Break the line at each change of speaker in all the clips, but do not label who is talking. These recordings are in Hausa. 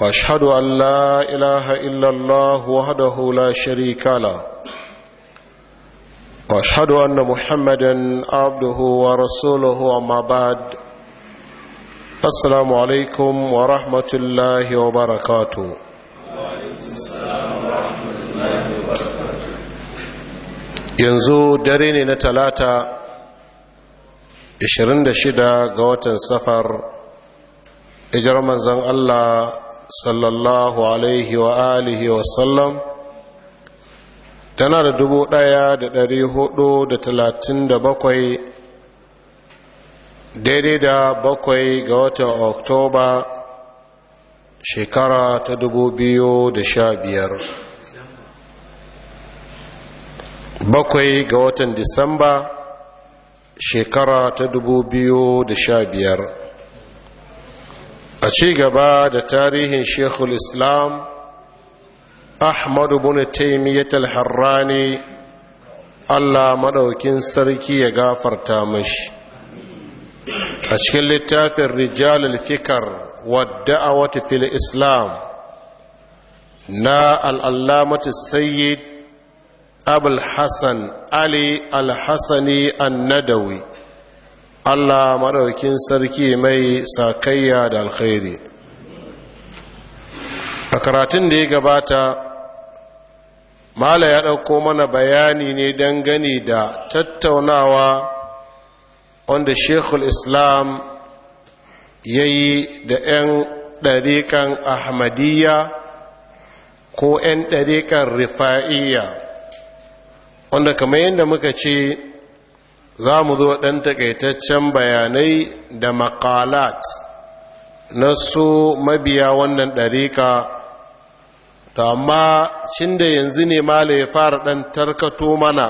واشهد ان لا اله الا الله وحده لا شريك له واشهد ان محمدا عبده ورسوله اما بعد السلام عليكم ورحمه الله وبركاته yanzu dare ne na talata 26 ga watan safar ijar manzan allah sallallahu alaihi wa alihi wa sallam tana da dubu ɗaya da ɗari hudu da talatin da bakwai daidai da bakwai ga watan oktoba shekara ta dubu biyu da sha biyar bakwai ga watan disamba shekara ta dubu biyu da sha biyar a ci gaba da tarihin shekul islam ahmadu bin taimiyyat al-harrani allah maɗaukin sarki ya gafarta mashi a cikin littafin rijalul fikar wadda a wata fil islam na al'allamata sayyid abul hassan ali al-hassani an-nadawi Allah maɗaukin sarki mai sakayya da alkhairi a karatun da ya gabata mala ya ɗauko mana bayani ne gani da tattaunawa wanda shekul islam ya yi da 'yan ɗariƙan ahmadiyya ko 'yan ɗariƙan rifa'iyya wanda kamar yadda muka ce za mu zo ɗan takaitaccen bayanai da makalat na so mabiya wannan ɗarika to amma cin da yanzu ne mala ya fara ɗan tarkato mana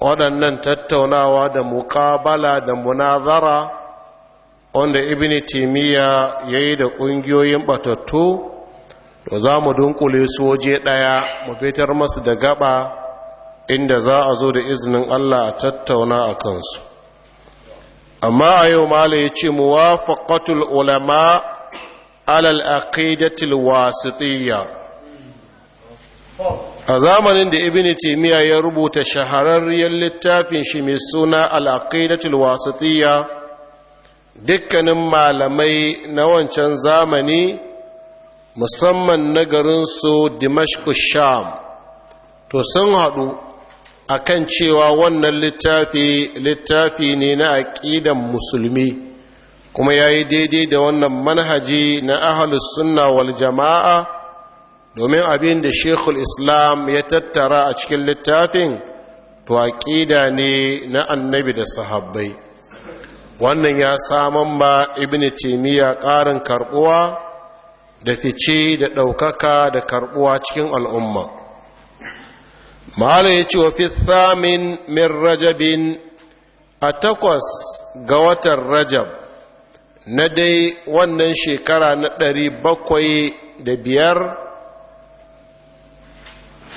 waɗannan tattaunawa da muƙabala da munazara wanda ibini timiya ya yi da ƙungiyoyin ɓatattu to za mu dunkule su waje ɗaya mu fitar masu da gaba inda za a zo da izinin Allah a tattauna a kansu amma a yau mala ya ce muwafaqatul ulama alal aqidatil wasitiyya a zamanin da ibn taymiya ya rubuta shahararriyar littafin shi mai suna al aqidatul wasitiyya dukkanin malamai na wancan zamani musamman na garin su dimashq sham to sun haɗu akan cewa wannan littafi littafi ne na aƙidan musulmi kuma yayi daidai da wannan manhaji na ahlus sunna wal jama'a domin abin da shekul islam ya tattara a cikin littafin to aƙida ne na annabi da sahabbai wannan ya saman ma ibn timiya ƙarin karbuwa da fice da ɗaukaka da karɓuwa cikin al'umma mahala ya ce wa fi thamin min rajabin a takwas ga watan rajab na dai wannan shekara na ɗari bakwai da biyar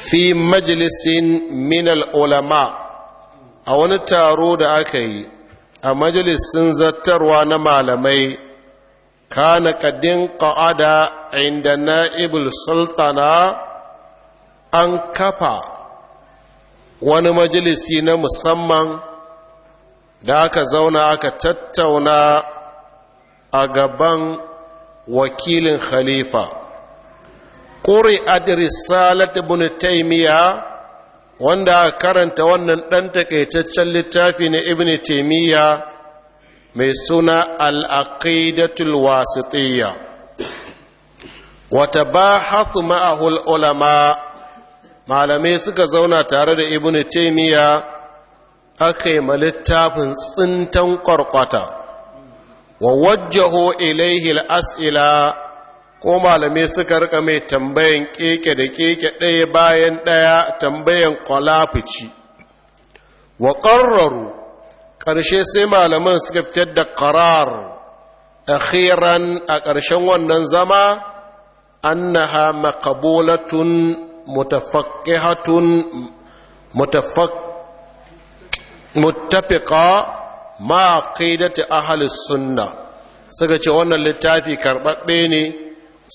fi majalisin minal ulama a wani taro da aka yi a majalisin zattarwa na malamai kana kadin ƙa'ada inda na'ibul sultana an kafa wani majalisi na musamman da aka zauna aka tattauna a gaban wakilin khalifa ƙuri adirisalat ibn taimiya wanda aka karanta wannan ɗan takaitaccen littafi na ibn taimiya mai suna al'aƙidatul wasitiyya wata ba hathu ma'ahul ulama malamai suka zauna tare da ibn aka yi littafin tsintan kwarkwata wa wajjaho ilaihi al'as'ila ko malamai suka rika mai tambayan keke da keke ɗaya bayan ɗaya tambayan kwalafici wa ƙarraru ƙarshe sai malaman suka fitar da ƙarar akhiran a ƙarshen wannan zama annaha makabolatun. mutafaqqihatun mutafaq muttafiqa ma qidati ahli sunna suka ce wannan littafi karbabbe ne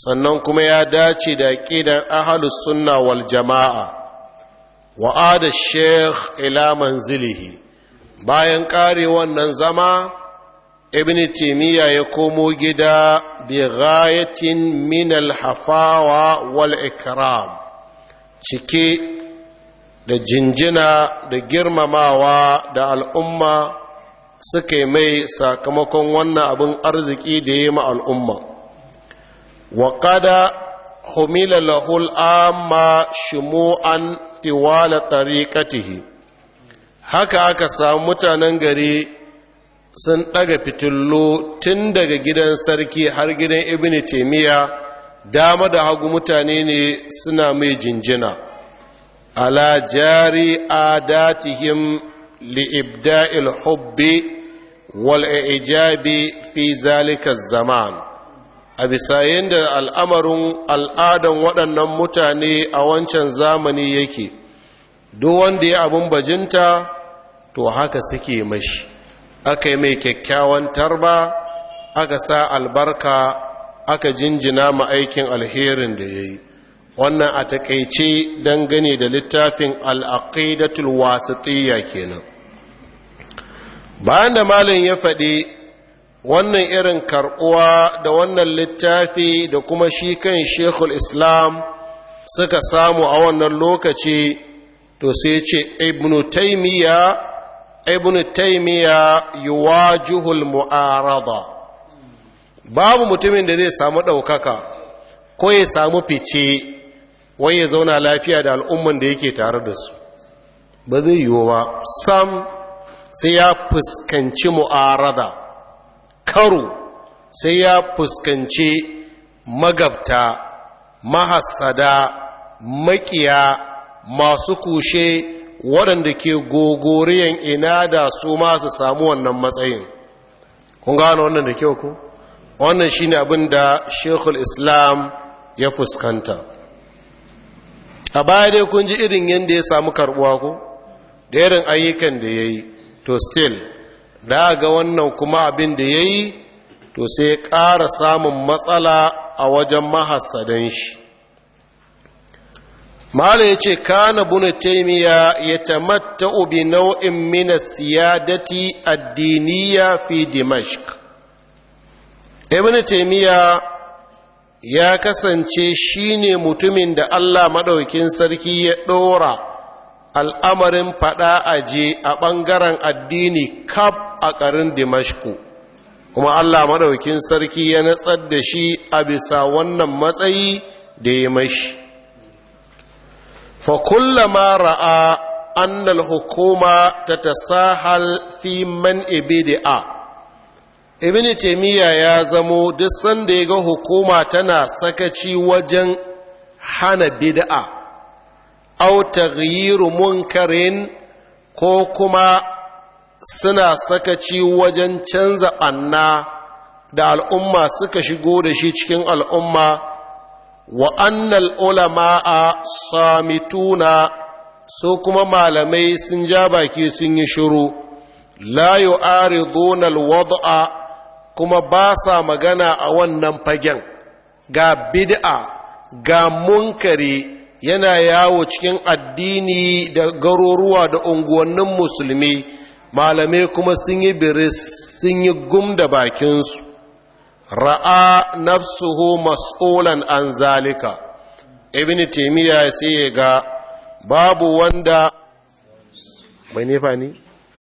sannan kuma ya dace da aqidan ahli sunna wal jama'a wa ada sheikh ila manzilihi bayan kare wannan zama ibn timiya ya komo gida bi ghayatin min al hafawa wal ikram cike da jinjina da girmamawa da al'umma suka yi mai sakamakon wannan abin arziki da ya ma al'umma wa kada humila lahul amma shimu'an tiwala tariqatihi haka aka samu mutanen gari sun ɗaga fitillo tun daga gidan sarki har gidan ibn taimiyya dama da hagu mutane ne suna mai jinjina ala jari adatihim li'ibda'il hubbi wal ijabi fi zalika zaman a bisa yadda al'amarin al'adan waɗannan mutane a wancan zamani yake duk wanda ya abin bajinta to haka suke mashi aka yi mai kyakkyawan tarba aka sa albarka aka jinjina ma aikin alherin da ya yi wannan a takaice dangane da littafin al'aƙidatul wasatiyya kenan bayan da malin ya faɗi wannan irin karɓuwa da wannan littafi da kuma shi kan shekul islam suka samu a wannan lokaci to sai ce ibnu taimiyya ibnu taimiyya yuwajihul mu'arada babu mutumin da zai samu ɗaukaka ko ya samu fice wai ya zauna lafiya da al'umman da yake tare da su ba zai yiwu ba sam sai ya fuskanci mu'arada karo sai ya fuskanci magabta mahassada makiya masu kushe waɗanda ke gogoriyan ina da su masu samu wannan matsayin kun gano wannan da kyau ku? wannan shi ne abin da shekul islam ya fuskanta a baya dai kun ji irin yadda ya samu karbuwa ko da irin ayyukan da ya yi to still da ga wannan kuma abin da ya yi to sai ya ƙara samun matsala a wajen mahassadan shi mahala ya ce kana buna taimiya ya tamatta bi nau'in mina siyadati addiniya fi dimashka ibn taimiyya ya kasance shine mutumin da allah maɗaukin sarki ya ɗora al'amarin faɗa aje a ɓangaren addini kaf a ƙarin dimashku kuma allah maɗaukin sarki ya natsar da shi a bisa wannan matsayi da ya mashi fa kullama ra'a annal hukuma ta tasahal fi man ibida ibn taimiyya ya zamo duk sanda ya ga hukuma tana sakaci wajen hana bid'a au taghyiru munkarin ko kuma suna sakaci wajen canza anna da al'umma suka shigo da shi cikin al'umma wa annal ulama'a samituna so kuma malamai sun ja baki sun yi shiru la yu'ariduna al-wad'a kuma ba sa magana a wannan fagen ga bid'a ga munkari yana yawo cikin addini da garuruwa da unguwannin musulmi malamai kuma sun yi biris sun yi gum da bakinsu ra'a nafsuhu mas'ulan an zalika ibn taymiya sai ga babu wanda mai nefa